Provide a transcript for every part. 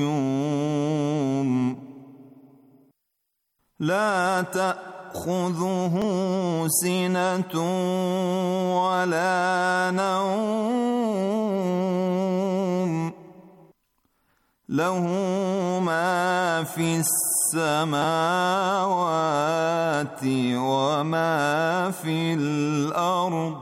يوم لا تأخذه سنة ولا نوم له ما في السماوات وما في الأرض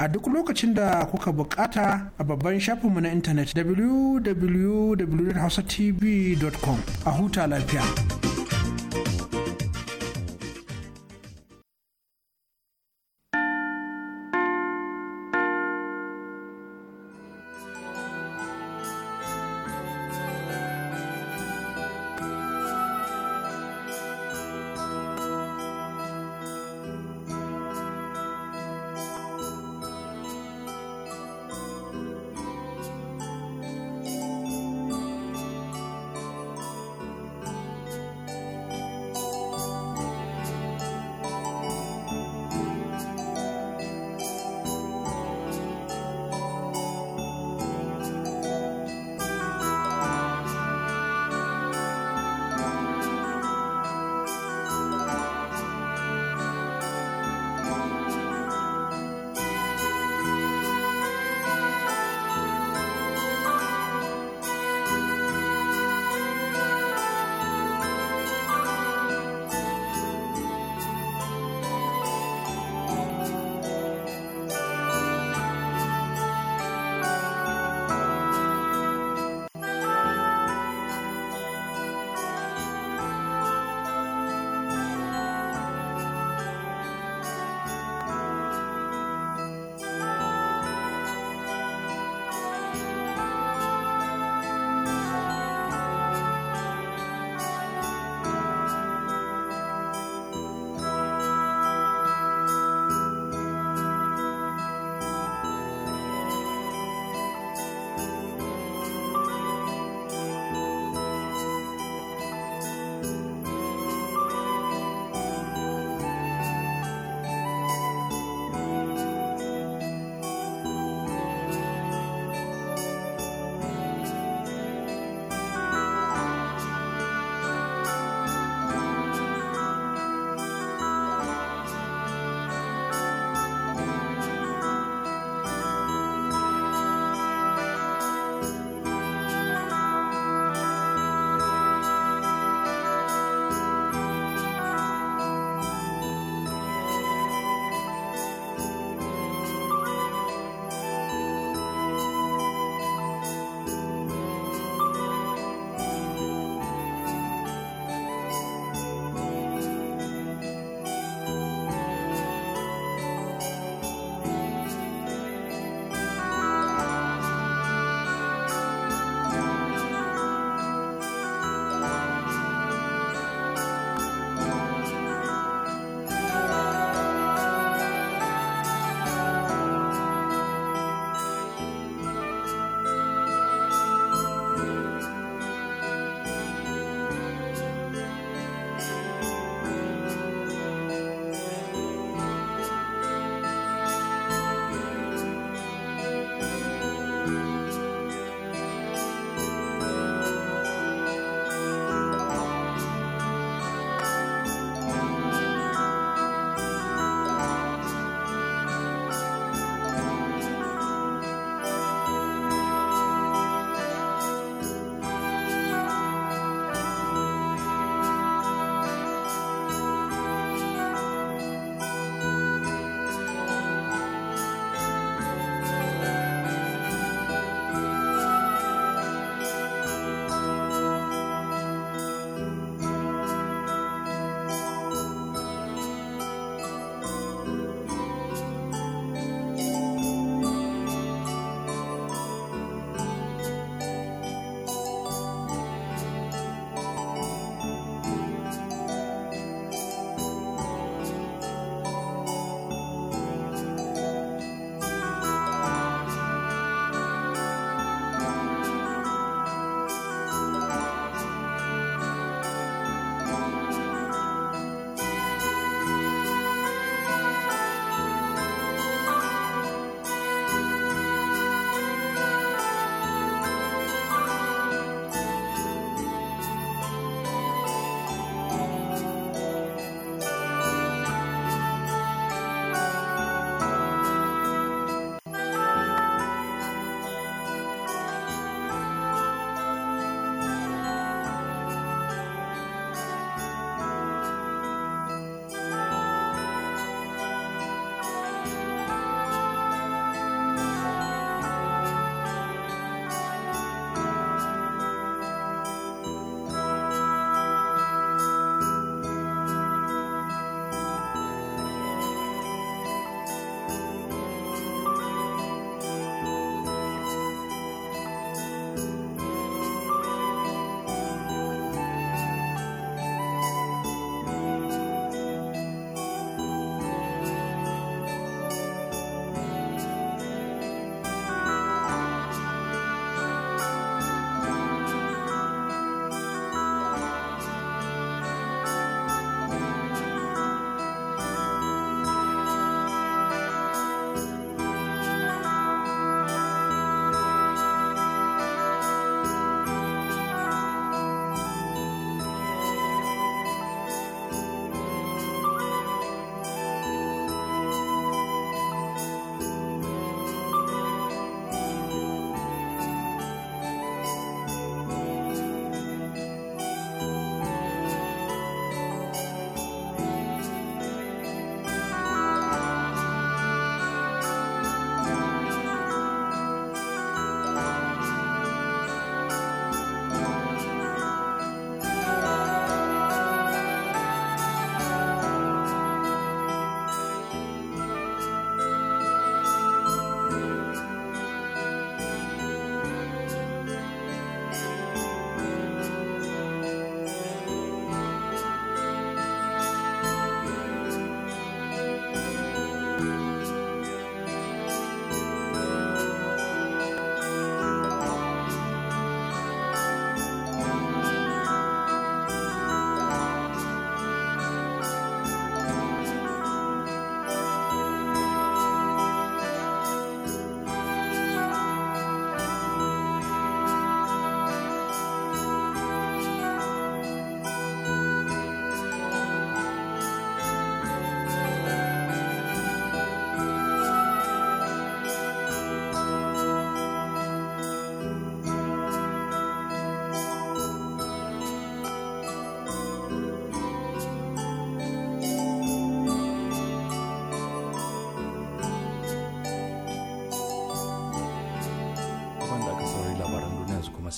a duk lokacin da kuka bukata a babban shafinmu na intanet www.hausatv.com a huta lafiya.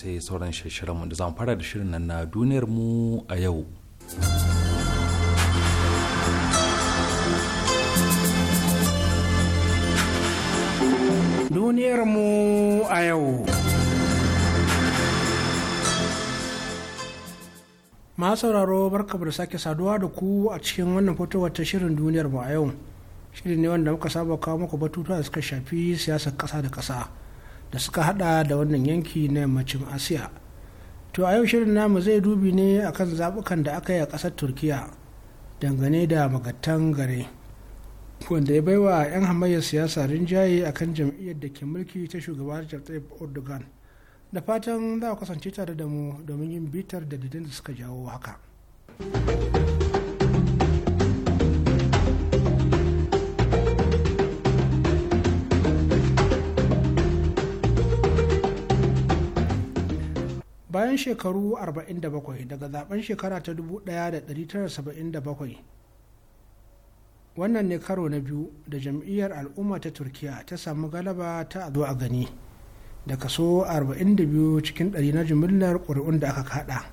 sai sauran da zan fara da shirin nan na duniyar mu a yau. Duniyar mu a yau. Masu sauraro barka da sake saduwa da ku a cikin wannan fitowar ta shirin duniyar mu a yau. Shirin ne wanda muka saba kawo muku batutuwa da suka shafi siyasar ƙasa da ƙasa. da suka hada da wannan yanki na yammacin asiya to a yau shirin namu zai dubi ne akan zabukan da aka yi a kasar turkiya dangane da magattan gare wanda ya baiwa 'yan hamayyar siyasa rinjaye akan jam'iyyar da ke mulki ta shugaban Tayyip Erdogan da fatan za a kasance tare da mu domin yin bitar da da suka jawo haka. bayan shekaru 47 daga zaben shekara ta 1977 wannan ne karo na biyu da jam'iyyar al'umma ta turkiya ta samu galaba ta zo a gani da kaso 42 cikin 100 na jimillar ƙuri'un da aka kada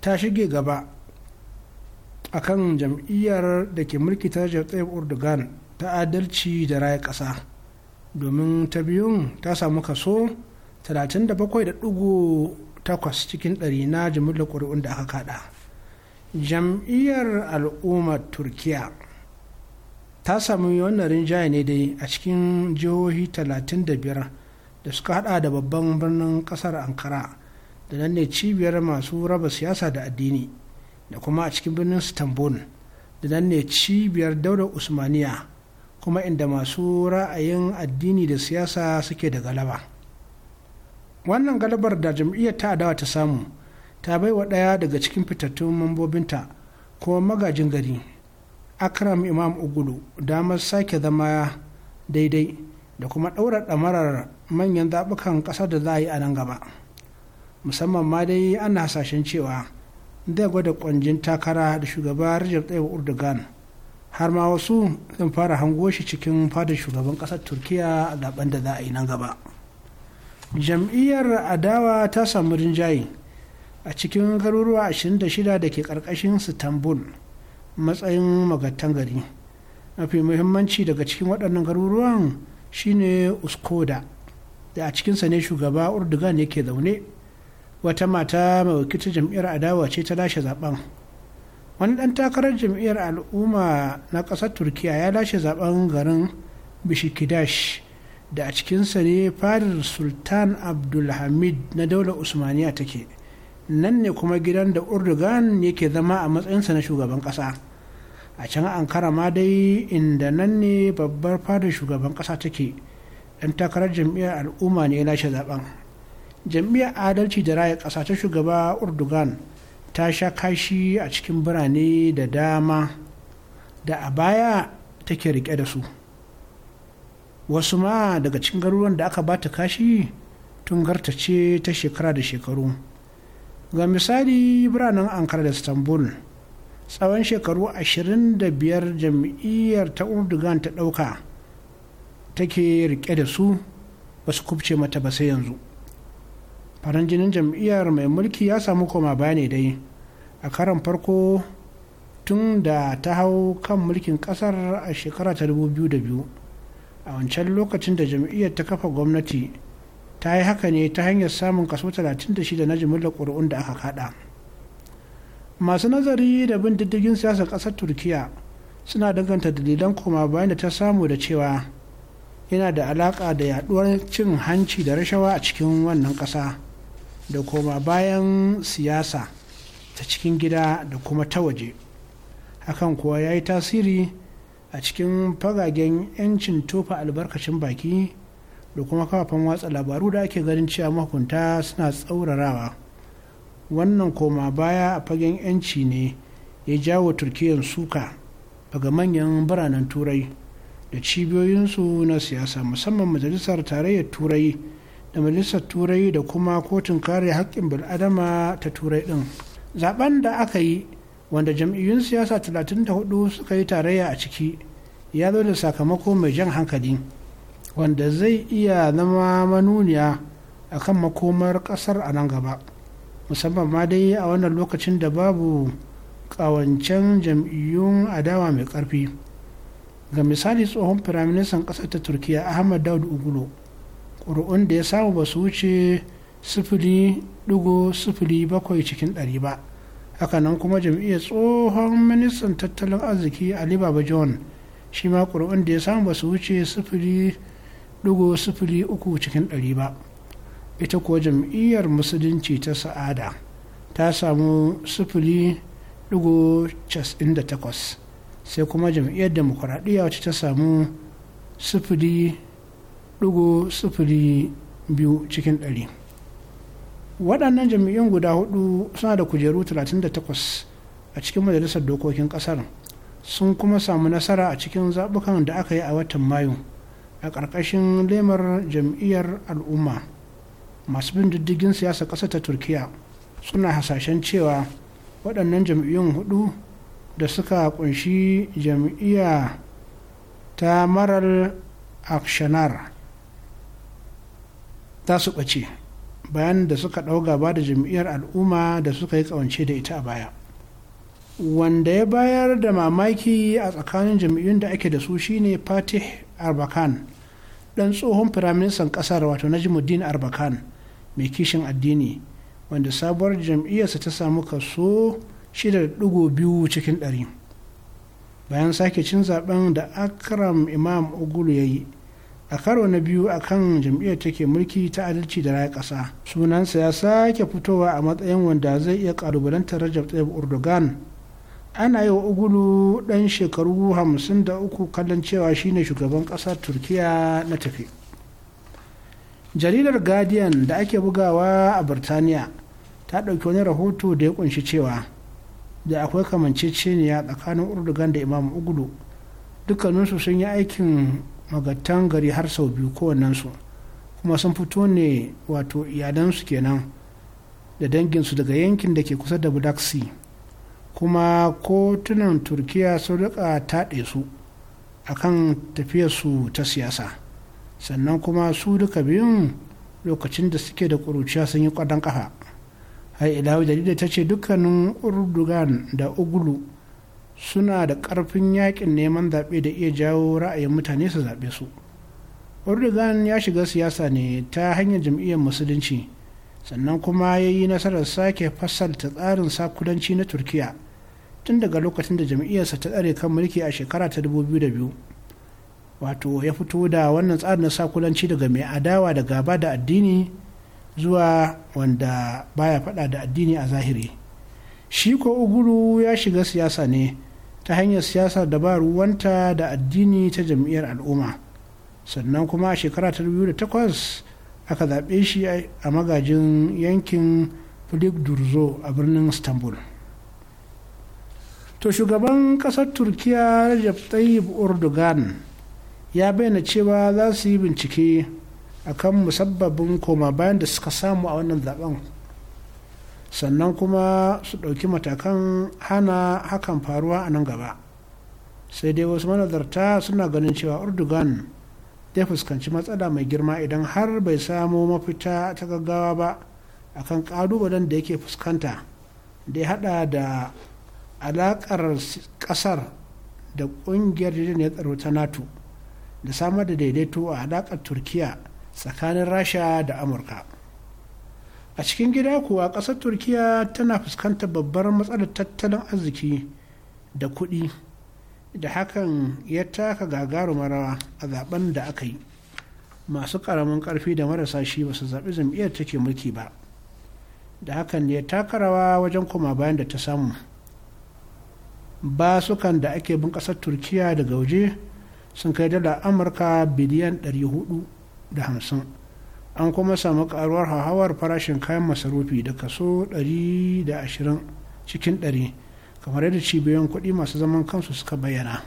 ta shige gaba a kan jam'iyyar da ke mulki ta jatsayar urdugan ta adalci da raya ƙasa domin ta biyun ta samu kaso 37.8 cikin ɗari na jimillar ƙuri'un da aka kada jam'iyyar al'ummar turkiya ta sami wannan rinjaye ne dai a cikin jihohi 35 da suka hada da babban birnin kasar ankara da nan ne cibiyar masu raba siyasa da addini da kuma a cikin birnin istanbul da nan ne cibiyar daular usmaniya kuma inda masu ra'ayin addini da siyasa suke da galaba wannan galibar da jam'iyyar ta adawa ta samu ta bai wa ɗaya daga cikin fitattun mambobinta kuma magajin gari akram imam ugudu damar sake zama daidai da kuma ɗaura ɗamarar manyan zaɓukan ƙasar da za a yi a nan gaba musamman ma dai ana hasashen cewa zai gwada ƙwanjin takara da shugaba Recep Tayyip urdugan har ma wasu zan fara hango shi cikin fadar shugaban ƙasar Turkiya a zaɓen da za a yi nan gaba. jam'iyyar adawa ta samu rinjaye a cikin garuruwa 26 da ke karkashin istanbul matsayin magatan gari mafi muhimmanci daga cikin waɗannan garuruwan shine uskoda da a cikinsa ne shugaba urdugan yake zaune wata mata mai wakilta jam'iyyar adawa ce ta lashe zaben wani ɗan takarar jam'iyyar al'umma na ƙasar turkiya ya lashe zaben garin bishikidash da a cikinsa ne farin sultan abdulhamid na daular usmaniya take nan ne kuma gidan da urdugan yake zama a matsayinsa na shugaban kasa a can ankara ma dai inda nan ne babbar fadar shugaban ƙasa take ɗan takarar jam'iyyar al'umma ne lashe zaben jam'iyyar adalci da raya ƙasa ta shugaba urdugan ta sha kashi a cikin birane da dama da a baya take rike da su. wasu ma daga cikin garuruwan da aka ba ta kashi tun ce ta shekara da shekaru ga misali biranen ankara da istanbul tsawon shekaru 25 jam'iyyar ta urdugan ta ɗauka take rike da su ba su kubce mata ba sai yanzu faran jinin jam'iyyar mai mulki ya samu koma bayani dai a karan farko tun da ta hau kan mulkin kasar a shekara ta 2002 a wancan lokacin da jam'iyyar ta kafa gwamnati ta yi haka ne ta hanyar samun kaso 36 na jimillar ƙuri'un da aka kada masu nazari da bin diddigin siyasar ƙasar turkiya suna danganta dalilan koma bayan da ta samu da cewa yana da alaƙa da yaduwar cin hanci da rashawa a cikin wannan ƙasa da koma bayan siyasa ta cikin gida da kuma ta waje hakan kuwa ya yi tasiri a cikin fagagen 'yancin tofa albarkacin baki da kuma kafafen watsa labaru da ake ganin cewa mahukunta suna tsaurarawa wannan koma baya a fagen 'yanci ne ya jawo turkiyyar suka daga manyan biranen turai da cibiyoyinsu na siyasa musamman majalisar tarayyar turai da majalisar turai da kuma kotun kare haƙƙin bil'adama ta turai ɗin zaben da aka yi wanda jam'iyyun siyasa 34 suka yi tarayya a ciki ya zo da sakamako mai jan hankali wanda zai iya zama manuniya a kan makomar kasar a nan gaba musamman ma dai a wannan lokacin da babu kawancen jam'iyyun adawa mai karfi ga misali tsohon firaministan ƙasar ta turkiya ahmad daud ugulo ƙuri'un da ya samu ba su wuce sifili dugo sifili bakwai cikin ɗari ba hakanan kuma jam'iyyar tsohon ministan tattalin arziki ali baba john shi ma ƙuri'un da ya samu ba su wuce sufuri ɗigo sufuri uku cikin ɗari ba ita ko jam'iyyar musulunci ta sa'ada ta samu sufuri ɗigo casin da takwas sai kuma jam'iyyar demokuraɗiyya wacce ta samu sufuri ɗigo sufuri biyu cikin ɗari waɗannan jam'iyyun guda hudu suna da kujeru 38 a cikin majalisar dokokin ƙasar sun kuma samu nasara a cikin zaɓukan da aka yi a watan mayu a ƙarƙashin lemar jam'iyyar al'umma masu bin diddigin siyasa ƙasa ta turkiya suna hasashen cewa waɗannan jam'iyyun hudu da suka kunshi jam'iyya ta marar akshanar ta su ɓace bayan da suka ɗau gaba da jam'iyyar al'umma da suka yi ƙawance da ita a baya wanda ya bayar da mamaki a tsakanin jam'iyyun da ake da su shine fatih arbakan dan tsohon firaministan kasar wato najimuddin arbakan mai kishin addini wanda sabuwar jam'iyyarsa ta samu kaso 6.2 cikin 100 bayan sake cin zaben da akram imam ogulu ya yi a karo na biyu a kan jam'iyyar take mulki ta adalci da raya ƙasa sunansa ya sake fitowa a matsayin wanda zai iya ƙalubalantar rajab tsaye erdogan ana yi wa ugulu ɗan shekaru hamsin da uku kallon cewa shine shugaban ƙasar turkiya na tafi jaridar guardian da ake bugawa a birtaniya ta ɗauki wani rahoto da ya kunshi cewa da akwai kamanceceniya tsakanin urdugan da imam ugulu dukkaninsu sun yi aikin magattan gari har sau biyu kowannensu kuma sun fito ne wato iyalansu kenan da danginsu daga yankin da ke kusa da budak sea kuma kotunan turkiya sun rika taɗe su a kan tafiyarsu ta siyasa sannan kuma su duka biyun lokacin da suke da ƙuruciya sun yi ƙwadon ƙafa har ilawi jarida ta ce dukkanin urdugan da ugulu suna da ƙarfin yakin neman zaɓe da iya jawo ra'ayin mutane su zaɓe su urdugan ya shiga siyasa ne ta hanyar jam'iyyar musulunci sannan kuma ya yi nasarar sake fasalta tsarin sakudanci na turkiya tun daga lokacin da jam'iyyarsa ta tsare kan mulki a shekara ta 2002 wato ya fito da wannan tsarin sakudanci daga mai adawa da gaba da addini zuwa wanda baya fada da addini a zahiri shi ko uguru ya shiga siyasa ne ta hanyar siyasar da ba ruwanta da addini ta jam'iyyar al'umma sannan kuma a shekara ta 2008 aka zaɓe shi a magajin yankin filip durzo a birnin istanbul to shugaban ƙasar turkiya rajab tayyip urdugan ya bayyana cewa za su yi bincike a akan musabbabin koma bayan da suka samu a wannan zaben sannan kuma su ɗauki matakan hana hakan faruwa a nan gaba sai dai wasu manazarta suna ganin cewa urdugan zai fuskanci matsala mai girma idan har bai samo mafita ta gaggawa ba a kan ƙalubalen da yake fuskanta da ya hada da alakar kasar da kungiyar jirgin tsaro ta nato da samar da daidaito a alakar turkiya tsakanin rasha da amurka a cikin gida kuwa kasar turkiya tana fuskantar babbar matsalar tattalin arziki da kuɗi da hakan ya taka gagarumar rawa a zaben da aka yi masu karamin karfi da marasa shi ba su zaɓi ta take mulki ba da hakan ne taka rawa wajen koma bayan da ta samu basukan da ake bin ƙasar turkiya daga waje sun kai dala amurka biliyan 450 an kuma samu karuwar hauhawar farashin kayan masarufi da kaso 120 cikin 100 kamar yadda cibiyoyin kuɗi masu zaman kansu suka bayyana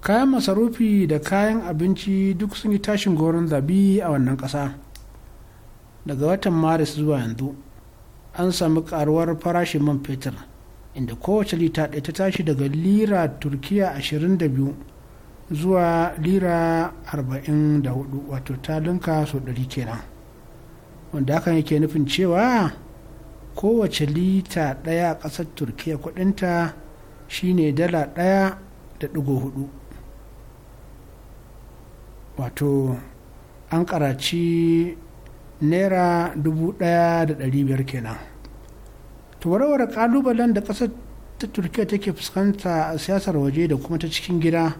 kayan masarufi da kayan abinci duk sun yi tashin goron zabi a wannan ƙasa daga watan maris zuwa yanzu an sami karuwar farashin man fetur inda kowace lita ɗaya ta tashi daga lira turkiya 22 zuwa lira 44 wato talinka sau 100 kenan wanda hakan yake nufin cewa kowace lita ɗaya a ƙasar turkiya kudinta shine dala ɗaya da ɗigo hudu wato an karaci naira dubu ɗaya da ɗari biyar kenan to warware ƙalubalen da ƙasar ta turkiya take fuskanta a siyasar waje da kuma ta cikin gida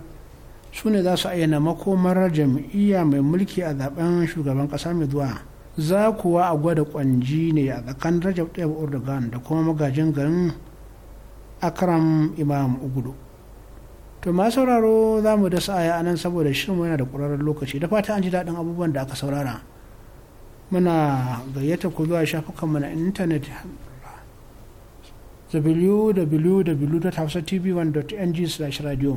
su ne za su ayyana makomar jam'iyya mai mulki a zaben shugaban ƙasa mai zuwa za kuwa a gwada kwanji ne a tsakan rajab ɗaya urdugan da kuma magajin garin akram imam ugudu to ma sauraro za mu da sa'aya anan saboda shirinmu yana da ƙwararren lokaci da fata an ji daɗin abubuwan da aka saurara muna gayyata ku zuwa shafukanmu na intanet www.hafsatv1.ng/radio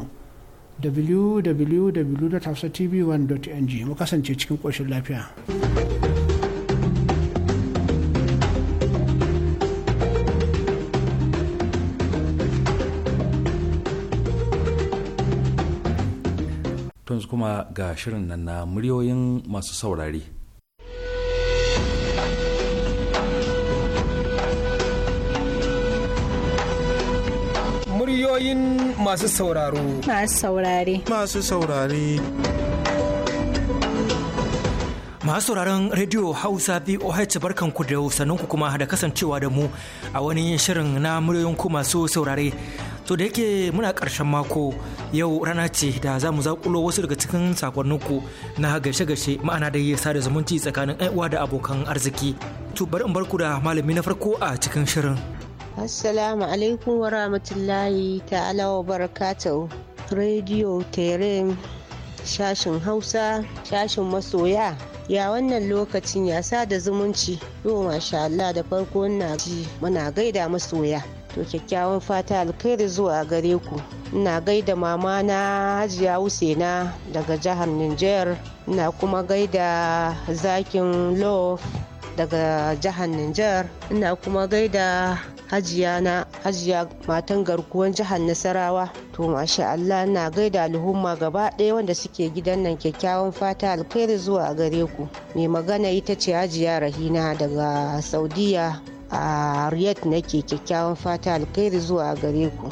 www.hafsatv1.ng mu kasance cikin ƙoshin lafiya. kuma ga shirin nan na muryoyin masu saurare. Muryoyin masu sauraro. Masu saurare. Masu saurare. Masu sauraron Radio Hausa VOH barkanku da sannan ku kuma da kasancewa da mu a wani shirin na muryoyin ku masu saurare. To da yake muna ƙarshen mako yau rana ce da za mu zaƙulo wasu daga cikin sakonninku na gaishe-gaishe ma'ana da yi sada zumunci tsakanin uwa da abokan arziki. To bari in barku da malami na farko a cikin shirin. Assalamu alaikum wa rahmatullahi ta'ala wa barakatuhu. Radio Terim shashin Hausa, shashin masoya. ya wannan lokacin ya sa da zumunci yau masha da farko na ji muna gaida masoya to kyakkyawan fata alkhairi zuwa gare ku ina gaida mama na hajiya husaina daga jihar niger ina kuma gaida zakin love daga jihar Nijar ina kuma gaida hajiya na hajiya matan garkuwan jihar Nasarawa to masha Allah na gaida alhumma gaba ɗaya wanda suke gidan nan kyakkyawan fata alkhairi zuwa gare ku mai magana ita ce hajiya Rahina daga Saudiya a riyadh nake kyakkyawan fata alkhairi zuwa gare ku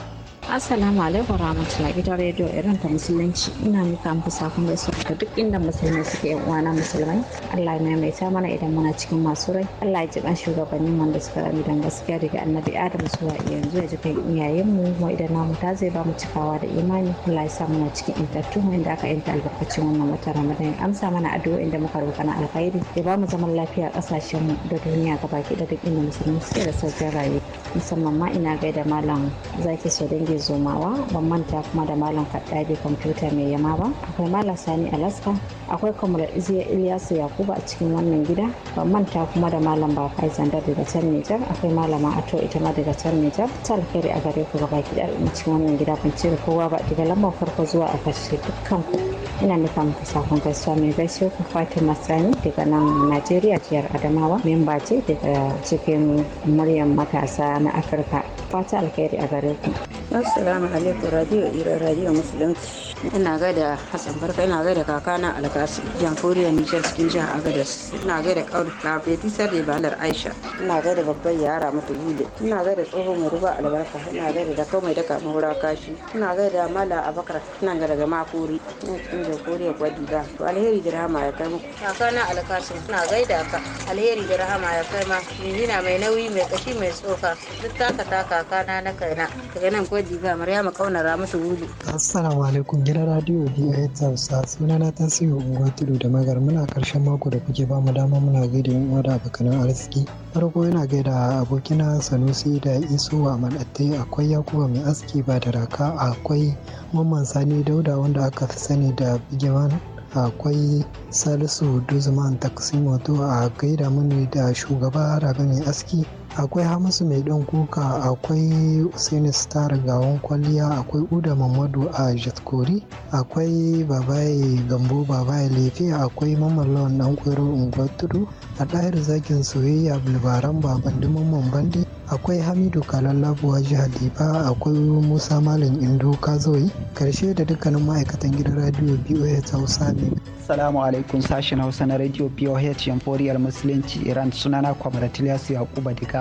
Assalamu alaikum warahmatullahi ita rediyo irin ta musulunci ina muka muku sakon gaisuwa ga duk inda musulmai suke yan uwana musulmai Allah ya ta mana idan muna cikin masu rai Allah ya ji ban shugabannin wanda suka rami dan gaskiya daga annabi Adam zuwa yanzu ya ji kan iyayen mu mu idan namu ta zai ba mu cikawa da imani Allah ya sa muna cikin intattu inda aka yanta albarkacin wannan wata Ramadan amsa mana addu'o inda muka roƙa na alkhairi ya ba mu zaman lafiya kasashen mu da duniya gabaki da duk inda musulmai suke da sauƙin rayuwa musamman ma ina gaida malam zaki so dangi zomawa ban manta kuma da malam kaddabi kwamfuta mai yama ba akwai malam sani alaska akwai kamar iziya iliyasu yakuba a cikin wannan gida ban manta kuma da malam ba kai zanda daga can nijar akwai malama ato ita ma daga can nijar ta alheri a gare ku gaba ki a cikin wannan gida ban cire kowa ba daga lambar farko zuwa a karshe dukkan ku ina nufa muku sakon gaisuwa mai gaisuwa ku fatima sani daga nan najeriya jiyar adamawa memba ce daga cikin muryan matasa na afirka fata alkhairi a gare ku assalamu alaikum radio iran radio musulunci ina da hassan barka ina gaida kakana alkasi Jamhuriya nijar cikin jihar Agadez. ina gaida kauri lafiyati da balar aisha ina da babban yara mata yule. ina da tsohon mai ruba albarka ina ga da mai Daka mura kashi ina da mala abakar ina ga ga makuri ina cikin jamhuriyar gwadiga to alheri da rahama ya kai muku kakana alkasi ina da ka alheri da rahama ya kai ma na mai nauyi mai kashi mai tsoka duk taka taka kakana na kaina daga nan ko jibiya maryama kaunara musu wuri assalamu alaikum gidan radio biyu hausa suna na tasiru unguwa tudu da magar muna karshen mako da kuke ba mu dama muna gaida yan uwa da abokanan arziki farko yana gaida abokina sanusi da iso a manatte akwai yakuba mai aski ba da raka akwai mamman sani dauda wanda aka fi sani da bigiman akwai salisu duzman taksimoto a gaida mini da shugaba rabe mai aski akwai hamisu mai ɗan kuka akwai usaini star gawon kwalliya akwai uda mamadu a jatkori akwai babaye gambo babaye lefe akwai mamallon ɗan kwero ungwatudu a ɗahir zakin soyayya bulbaran baban mamman bandi akwai hamidu kalallabuwa hadiba akwai musa malam indo kazoyi karshe da dukkanin ma'aikatan gidan radio boh hausa ne salamu alaikum sashen hausa na radio boh yamforiyar musulunci iran sunana kwamratiliyasu yakuba diga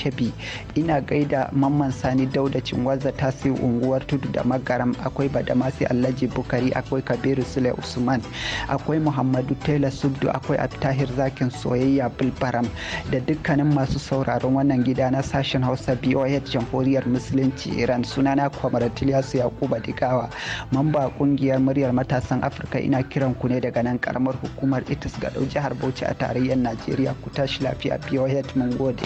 kebbi ina gaida mamman sani dauda ta tasi unguwar tudu da magaram akwai badamasi alhaji bukari akwai kabiru sule usman akwai muhammadu taylor subdu akwai abtahir zakin soyayya bilbaram da dukkanin masu sauraron wannan gida na sashen hausa boh jamhuriyar musulunci iran sunana kwamaratiliyasu yakuba digawa mamba kungiyar muryar matasan afirka ina kiran ku ne daga nan karamar hukumar itis ga jihar bauchi a tarayyar najeriya ku tashi lafiya boh mun gode.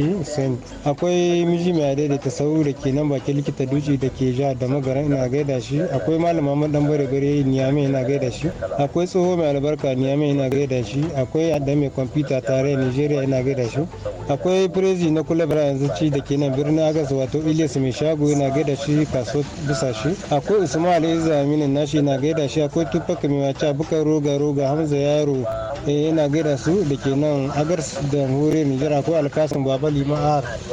Alhaji Akwai miji mai daidaita sau da ke nan bakin likita duci da ke ja da magaran ina gaida shi. Akwai malama madan bare bare Niyame ina gaida shi. Akwai tsoho mai albarka Niyame ina gaida shi. Akwai adda mai kwamfuta tare Nigeria ina gaida shi. Akwai firezi na kula bara yanzu ci da ke nan birnin Agas wato Ilyas mai shago ina gaida shi kaso bisa shi. Akwai Usman Ali Zaminin nashi ina gaida shi. Akwai Tufaka mai wace bukar roga roga Hamza Yaro yana eh, gaida su da ke nan Agas da hore nigeria akwai Alkasun Baba Fali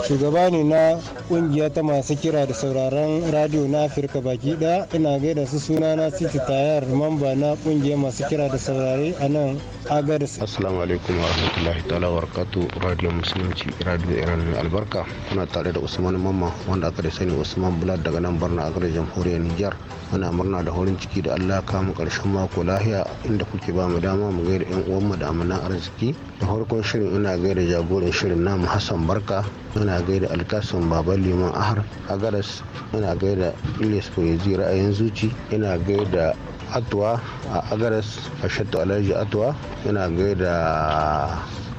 shugaba ne na kungiya ta masu kira da sauraron radio na Afirka baki ɗaya ina gaida su suna na Titi Tayar mamba na kungiyar masu kira da saurare a nan Agaris. Assalamu alaikum wa rahmatullahi ta'ala wa barakatu radio musulunci radio Iran albarka kuna tare da Usman Mamma wanda aka da sani Usman Bulat daga nan Barna Agar jamhuriyar Nijar muna murna da horin ciki da Allah kama karshen mako lahiya inda kuke ba mu dama mu gaida yan uwanmu da amana arziki da farkon shirin ina gaida jagoran shirin namu Hassan barka muna gaida alkasun baba liman ahar agaras muna gaida ilis poezi ra'ayin zuci ina gaida atuwa a agaras a shatta alhaji atuwa ina gaida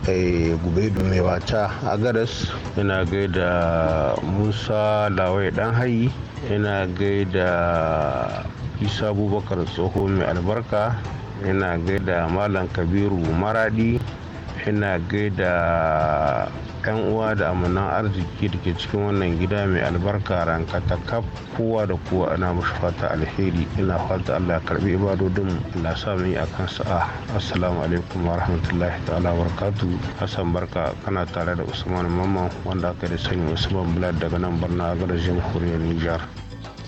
eh, gube mai wata agaras ina gaida musa lawai dan hayi ina gaida isa abubakar tsoho mai albarka ina gaida malam kabiru maradi ina gaida 'yan uwa da amanan arziki da ke cikin wannan gida mai albarka ranka ta kaf kowa da kowa ana mashi fata alheri ina fata allah karbi ibadodin allah sa mu yi akan sa'a assalamu alaikum wa rahmatullahi ta'ala wa barakatu hassan barka kana tare da usman mamman wanda aka da sani usman blad daga nan barna a garajin jamhuriyar nijar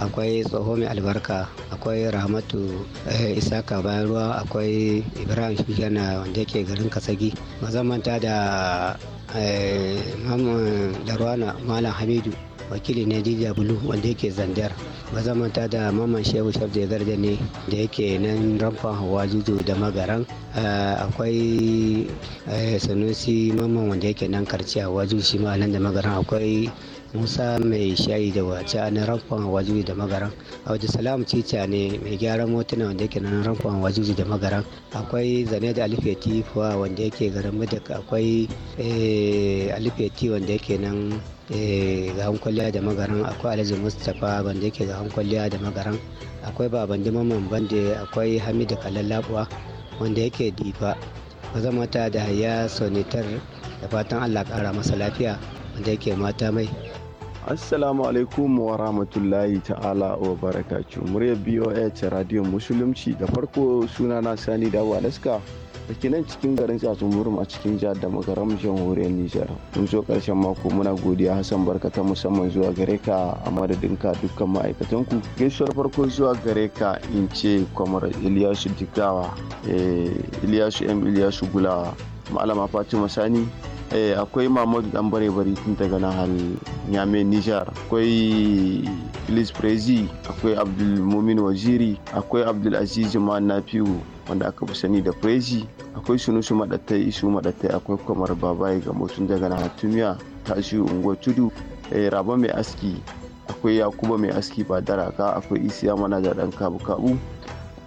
akwai tsoho mai albarka akwai rahmatu eh, isaka bayan ruwa akwai ibrahim shigana wanda ke garin kasagi mazamanta da eh, darwana malam hamidu wakili ne dija bulu wanda yake zandar mazamanta da mamman shehu shabda ya garda ne da yake nan ramfa hawa juju da magaran eh, akwai sanusi mamman wanda yake nan karciya hawa juju shi ma nan da magaran akwai musa mai shayi da wace a nan rankon wajuji da magaran a waje salamu cica ne mai gyaran motuna wanda yake nan rankon wajuji da magaran akwai zane da alifeti fuwa wanda yake garin madaka akwai eh, alifeti wanda yake nan eh, ga kwalliya da magaran akwai alhaji mustapha wanda yake ga kwalliya da magaran akwai baban dimaman bande akwai hamidu kalallabuwa wanda yake difa maza mata da ya sonitar da fatan allah kara masa lafiya wanda yake mata mai Assalamu alaikum wa rahmatullahi ta'ala wa barakatu. Muryar BOH Radio Musulunci da farko suna na Sani da walaska da nan cikin garin Tsatsun a cikin jihar da magaram jamhuriyar Nijar. Mun zo karshen mako muna godiya Hassan Barka ta musamman zuwa gare ka a madadinka dukkan ma'aikatan ku. Gaisuwar farko zuwa gare ka in ce kwamar Iliyasu Dikawa, eh, Iliyasu M Iliyasu Gulawa. malama fatima sani eh, akwai mamadu dan bare bari tun daga nan nyame nijar akwai ilis prezi akwai abdul mumin waziri akwai abdul aziz man nafiu wanda aka fi sani da prezi akwai sunusu madattai isu madattai akwai kwamar babaye ga tun daga nan hatumiya tashi unguwar tudu eh, raba mai aski akwai yakuba mai aski ba daraka akwai isiya mana da dan kabu kabu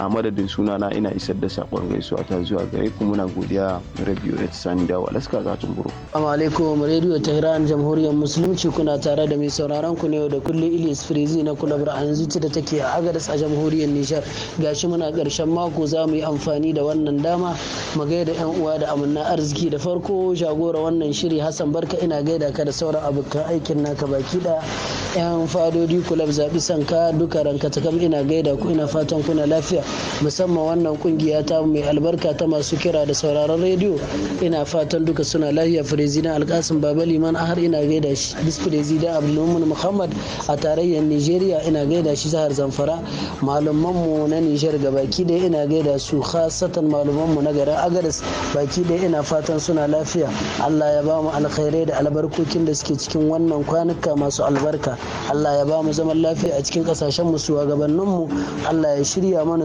a madadin sunana ina isar da sakon gaisuwa ta zuwa gare ku muna godiya radio et sani dawo za zatin buru alaikum radio iran jamhuriyar musulunci kuna tare da mai sauraron ku ne da kulle ilis frizi na an zuci da take a agadas a jamhuriyar nishar gashi muna karshen mako za mu yi amfani da wannan dama mu gaida yan uwa da amanna arziki da farko jagora wannan shiri hassan barka ina gaida ka da sauran abokan aikin naka baki da yan fadodi kulab zabi sanka duka ranka ta kam ina gaida ku ina fatan kuna lafiya musamman wannan kungiya ta mai albarka ta masu kira da sauraron rediyo ina fatan duka suna lafiya firezidan alkasim baba liman har ina gaida shi bisfirezidan abdulmumin muhammad a tarayyar nigeria ina gaida shi jihar zamfara malamanmu na nijar gabaki da ina gaida su khasatan malamanmu na garin agaris baki da ina fatan suna lafiya allah ya ba mu alkhairai da albarkokin da suke cikin wannan kwanuka masu albarka allah ya ba mu zaman lafiya a cikin kasashen mu su gabaninmu allah ya shirya mana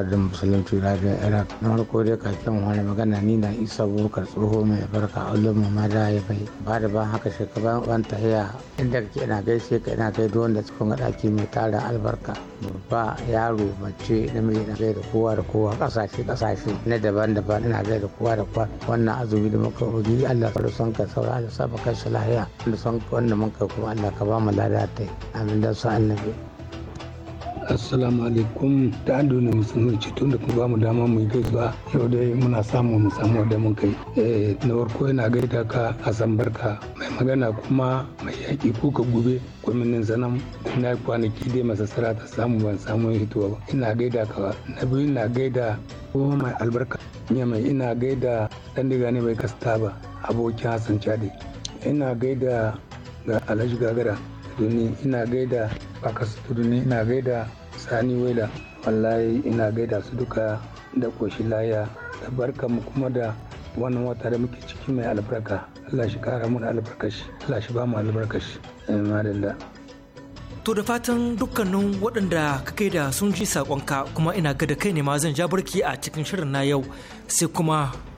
da musulunci rajin iraq na farko dai kafin wani magana ni na isa bukar tsoho mai barka allah mu ma da ya bai ba da ban haka shekaban ban tahiya inda kake ina gaishe ka ina gaido da cikin ɗaki mai tarin albarka ba yaro mace mai na gaida kowa da kowa ƙasashe ƙasashe na daban-daban ina gaida kowa da kowa wannan azumi da muka ubi allah ka son ka saura allah sa baka shi lahiya da son wanda muka kuma allah ka ba mu lada ta amin da su annabi assalamu alaikum ta an dole mu sun zurci tun da kuma mu dama mu yi gaisuwa yau dai muna samu mu samu da mun kai eh, na farko yana gaida ka a san barka mai magana kuma mai yaƙi ko ka gube gwamnatin sanan na kwanaki dai masasara ta samu ban samu hituwa ba ina gaida ka na biyu ina gaida ko mai albarka ya mai ina gaida dan diga ne mai kasta ba abokin hassan cadi ina gaida ga alhaji gagara ina gaida bakas duni ina gaida sani wela wallahi ina gaida su duka da ƙoshin laya da barka mu kuma da wannan wata da muke ciki mai albarka Allah shi kara mu da albarkashi Allah shi ba mu albarkashi amin To da fatan dukkanin waɗanda ka kai da sun ji saƙonka kuma ina ga da kai ne ma zan ja barki a cikin shirin na yau sai kuma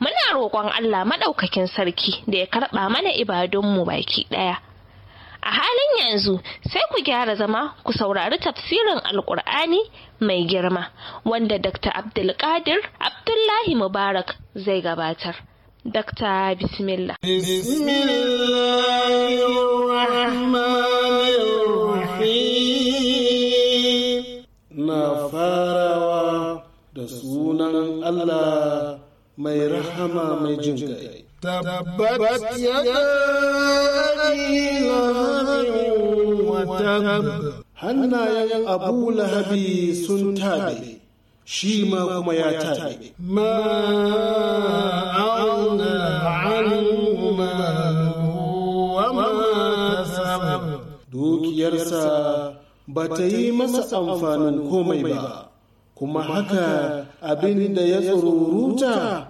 muna roƙon Allah maɗaukakin sarki da ya karɓa mana ibadunmu baki ɗaya. A halin yanzu sai ku gyara zama ku saurari tafsirin Alƙur'ani mai girma wanda Dr. Abdulkadir Abdullahi Mubarak zai gabatar. Dr. Bismillah. Bismillah Na farawa da sunan Allah mai rahama mai jin kai. Tabbat ya Hannayen Abu Lahabi sun tabe, shi ma kuma ya tabe. Ma Dukiyarsa ba ta yi masa amfanin komai ba, kuma haka abin da ya tsoro ruta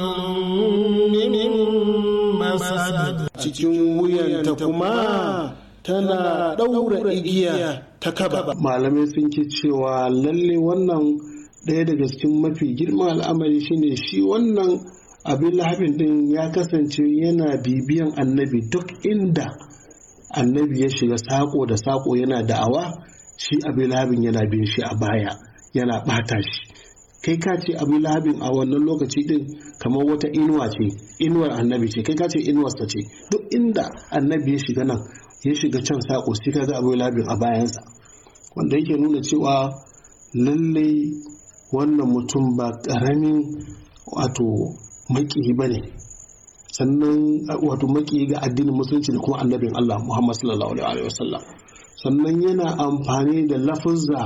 cikin wuyanta kuma tana ɗaura igiya ta kaba. Malamai sun ke cewa lalle wannan ɗaya daga cikin mafi girman al'amari shine shi wannan abin lahabin ɗin ya kasance yana bibiyan annabi duk inda annabi ya shiga saƙo da saƙo yana da'awa shi abin lahabin yana bin shi a baya yana ɓata shi kai ka ce abu labin a wannan lokaci din kamar wata inuwa ce inuwar annabi ce kai ka ce ta ce duk inda annabi ya shiga nan ya shiga can sako sai ka ga abu labin a bayansa wanda yake nuna cewa lalle wannan mutum ba karamin wato maki ba ne sannan wato maki ga addinin musulunci da kuma annabin Allah Muhammad sallallahu alaihi wasallam sannan yana amfani da lafuzza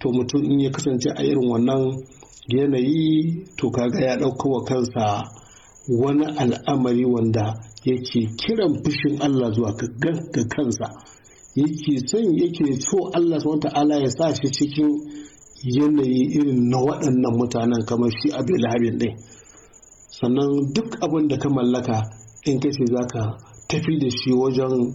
to mutum in ya kasance a irin wannan yanayi to kaga ya ɗauka wa kansa wani al'amari wanda yake kiran fushin Allah zuwa ga kansa yake son yake so Allah ta'ala ya sa shi cikin yanayi irin na waɗannan mutanen kamar shi abu labin ɗin sannan duk abin da ka mallaka in kace ka tafi da shi wajen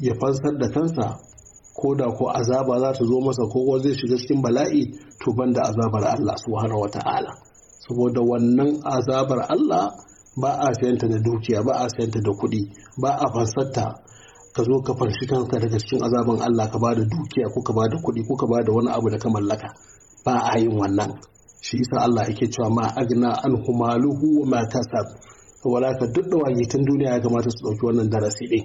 ya fansar da kansa ko da ko azaba za ta zo masa ko zai shiga cikin bala'i to ban da azabar Allah subhanahu wata'ala saboda wannan azabar Allah ba a sayanta da dukiya ba a sayanta da kuɗi ba a fansarta ka zo ka farshi kanka daga cikin azaban Allah ka ba da dukiya ko ka ba da kuɗi ko ka ba da wani abu da ka mallaka ba a yin wannan shi isa Allah yake cewa ma agna an humaluhu wa ma kasab wala ka duk da duniya ya kamata su dauki wannan darasi din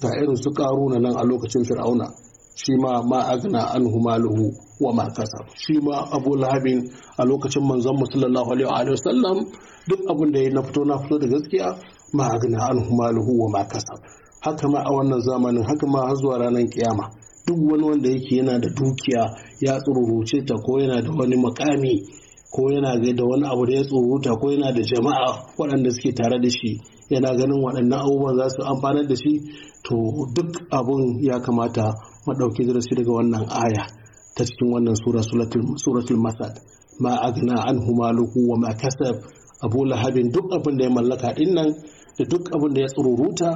ga irin su na nan a lokacin fir'auna shi ma ma an humaluhu wa makasar. shi ma abu lahabin a lokacin manzon mu sallallahu alaihi wa sallam duk abin da ya na fito na fito da gaskiya ma an humaluhu wa makasar. haka ma a wannan zamanin haka ma har zuwa ranar kiyama duk wani wanda yake yana da dukiya ya tsururuce ta ko yana da wani makami ko yana da wani abu da ya tsuruta ko yana da jama'a waɗanda suke tare da shi yana ganin waɗannan abubuwan za su amfanar da shi to duk abun ya kamata maɗauki darasi daga wannan aya ta cikin wannan suratul masad ma agna anhu wa ma kasab abu lahabin duk abin da ya mallaka din nan da duk abin da ya tsururuta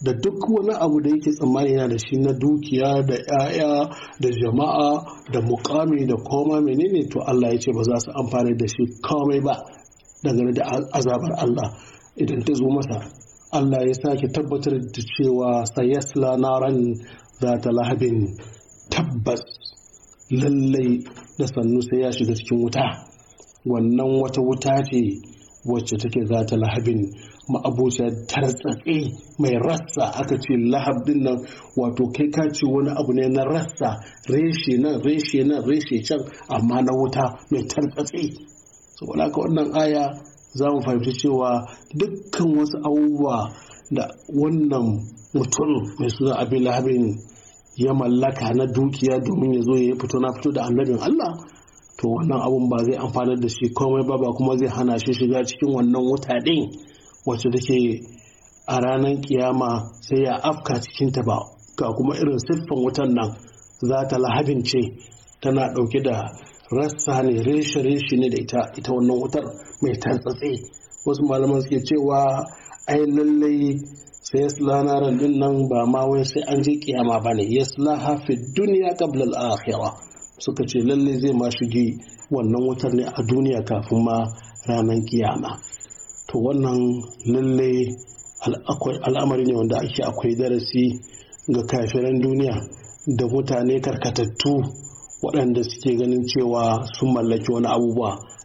da duk wani abu da yake tsammani yana da shi na dukiya da 'ya'ya da jama'a da mukami da koma menene to Allah ya ce ba za su amfani da shi komai ba dangane da azabar Allah idan ta zo masa Allah ya sake tabbatar da cewa sayasla naran za ta lahabin tabbas lallai da sannu sai ya shiga cikin wuta wannan wata wuta ce wacce take za ta lahabin ma'abuta tartsatse mai rassa aka ce lahab nan wato kai ka ce wani abu ne na rassa reshe nan reshe nan reshe can amma na wuta mai tartsatse saboda haka wannan aya za mu fahimci cewa dukkan wasu abubuwa da wannan mutum mai suna abin lahabin ya mallaka na dukiya domin ya zo ya fito na fito da annabin Allah to wannan abun ba zai amfana da shi komai ba ba kuma zai hana shi shiga cikin wannan wuta ɗin wacce take a ranar kiyama sai ya afka cikin ta ba ga kuma irin siffan wutan nan za ta lahabin ce tana ɗauke da rassa ne reshe-reshe ne da ita wannan wutar mai tantsatse wasu malaman suke cewa ai lallai sai yasla ran din nan ba ma wai sai an je kiyama ba ne yasla fi duniya qabla al-akhirah suka ce lallai zai ma shige wannan wutar ne a duniya kafin ma ranar kiyama to wannan lallai al'amari ne wanda ake akwai darasi ga kafiran duniya da mutane karkatattu waɗanda suke ganin cewa sun mallaki wani abubuwa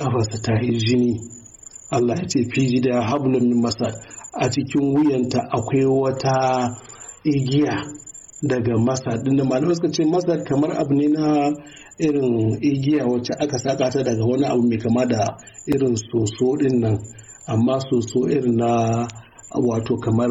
kafarsa ta yi jini Allah ya ce fi da hablum min masar a cikin wuyanta akwai wata igiya daga masar dinda malamai suka ce masar kamar abu ne na irin igiya wacce aka saka ta daga wani abu mai kama da irin soso din nan amma soso irin na wato kamar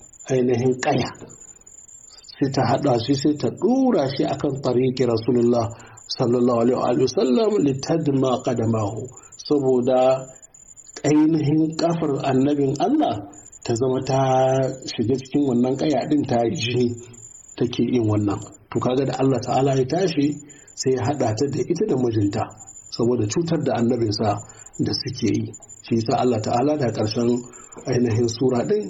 ainihin ƙaya sai ta haɗa shi sai ta ɗura shi akan tariki rasulullah sallallahu alaihi wasallam litadma qadamahu saboda ainihin kafar annabin Allah ta zama ta shiga cikin wannan ƙaya ɗin ta jini take yin wannan to kaga da Allah ta'ala ya tashi sai ya haɗa ta da ita da mijinta saboda cutar da annabinsa da suke yi shi sa Allah ta'ala da ƙarshen ainihin sura ɗin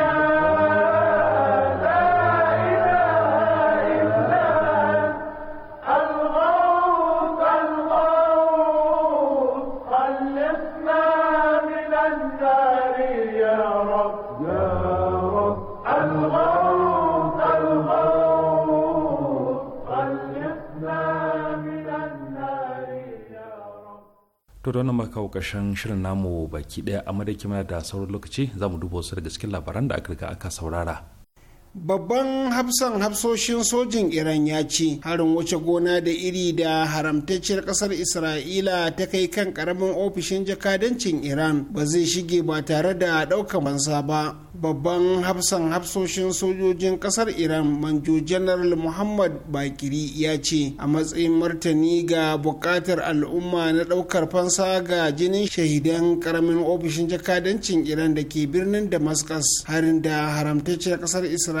to da muka kawo shirin namu baki ɗaya a madaki mana da sauran lokaci za mu duba wasu daga cikin labaran da aka riga aka saurara Babban hafsan hafsoshin sojin Iran ya ce harin wuce gona da iri da haramtacciyar ƙasar Isra'ila ta kai kan ƙaramin ofishin jakadancin Iran ba zai shige ba tare da ɗaukar bansa ba. Babban hafsan hafsoshin sojojin ƙasar Iran manjo General Muhammad Bakiri ya ce a matsayin martani ga buƙatar al'umma na ɗaukar fansa ga jinin shahidan ƙaramin ofishin jakadancin Iran da ke birnin Damascus harin da haramtacciyar ƙasar Isra'ila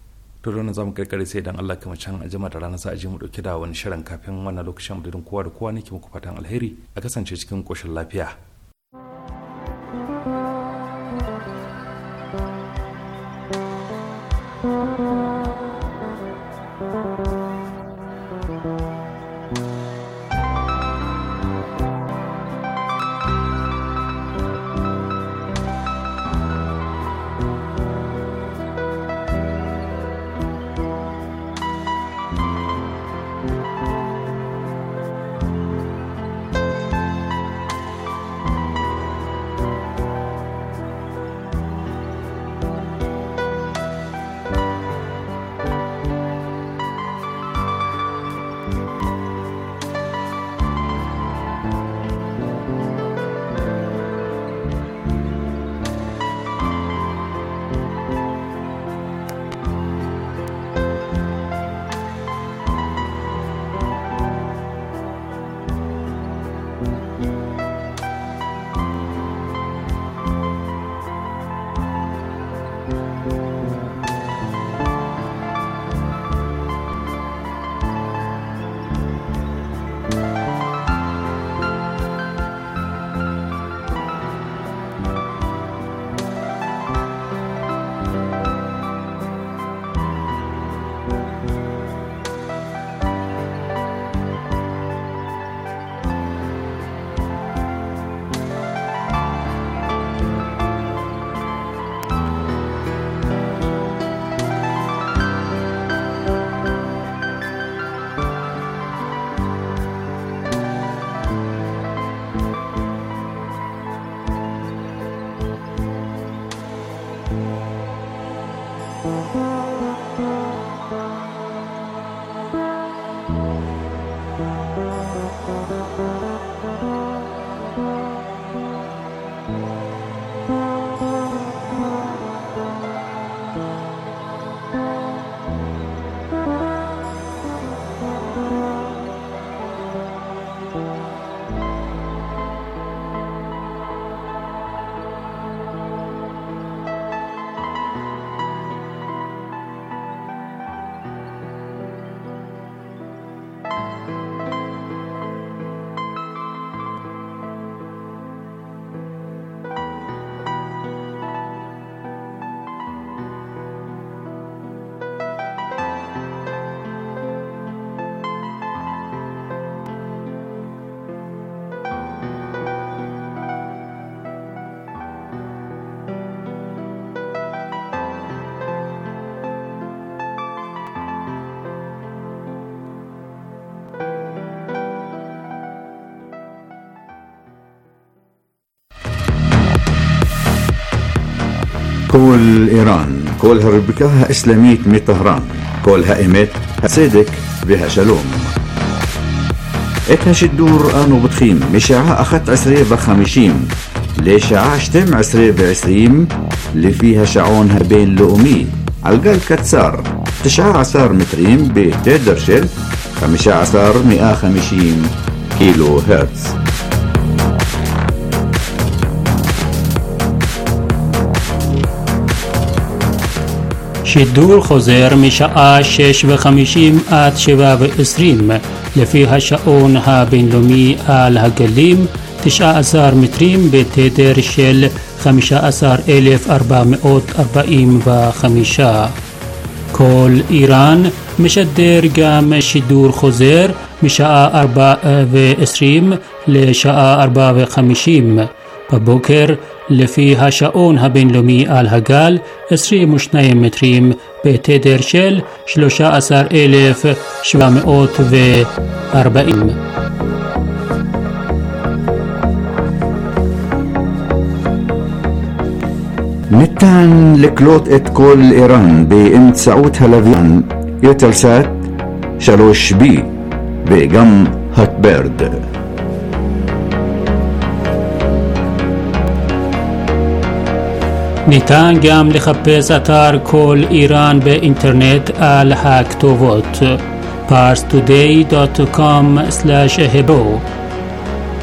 to za zamu karkare sai dan Allah kuma can ajima da rana sa aje mu dauki da wani shirin kafin wannan lokacin mu da kowa da kowa nake muku fatan alheri a kasance cikin koshin lafiya كل إيران كلها ربكها إسلامية مي طهران كلها إيمت سيدك بها شلوم إتهش الدور آنو بتخيم مشاعة أخت عسرية بخمشيم لشاعة شتم عسرية بعسريم اللي فيها شعون بين لؤمي عالقال كتسار تشعة عصار مترين بتدرشل خمشة عسار مئة خمشين كيلو هرتز שידור חוזר משעה שש וחמישים עד שבע ועשרים לפי השעון הבינלאומי על הגלים 19 מטרים בתדר של 15,445. כל איראן משדר גם שידור חוזר משעה 4 ו לשעה 4 ו بوکر بۆکر هاشاون هاشە ئەوون آل ئالهەگال ئەسری مشتنای متریم پێتێ دێرچێل شلوشا ئەسار ئێلف اوت و ئەربەئیم. نتان لكلوت ات كل ايران بام تسعود هلافيان يتلسات شلوش بي بجم هات بيرد نیتان گام لخپس اتار کل ایران به اینترنت آل هاک تو ود. پارس تودی. دوت کام سلاش هبو